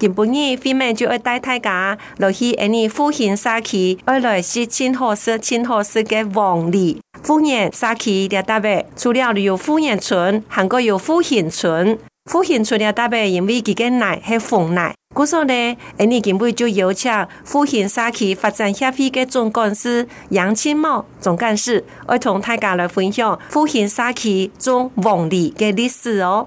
今晡日，飛梅就要帶大家來去安尼富興社區，而來是青河市青河市嘅王里。富興社區嘅代表，除了旅遊富興村，還個有富興村。富興村嘅代表，因為佢個奶係黃奶。咁所呢，安尼今晡日就邀請富興社區發展協會嘅總幹事楊青茂總幹事，來同大家來分享富興社區種王里嘅歷史哦。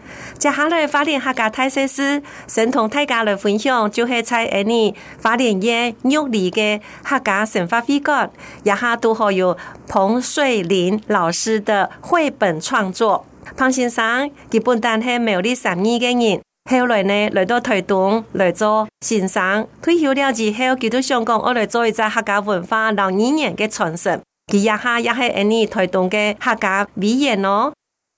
接下來，法蓮客家特色詩，想同大家來分享，就是在安尼法蓮葉玉梨嘅客家神話飛歌，也下都好有彭歲玲老師的繪本創作。彭先生基本單係沒有哩十年嘅人，後來呢來到台東來做先生，退休了之後，幾多上講我來做一扎客家文化老年人嘅傳承，佢一下也係安尼台東嘅客家名人哦。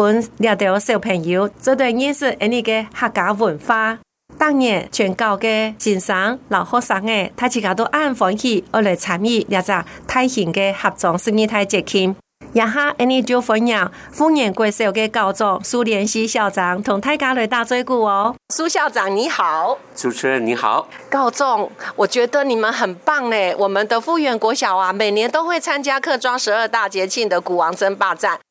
本掠到小朋友，這對是你是印尼嘅客家文化。當年全教嘅新生、留學生嘅，他自噶都暗歡喜，我嚟參與。一隻泰興嘅合莊十二大節慶，然後印尼就歡迎歡年國小嘅高中蘇聯西校長同泰加瑞大追古哦。蘇校長你好，主持人你好。高中，我覺得你們很棒咧。我們的富遠國小啊，每年都會參加客莊十二大節慶的古王爭霸戰。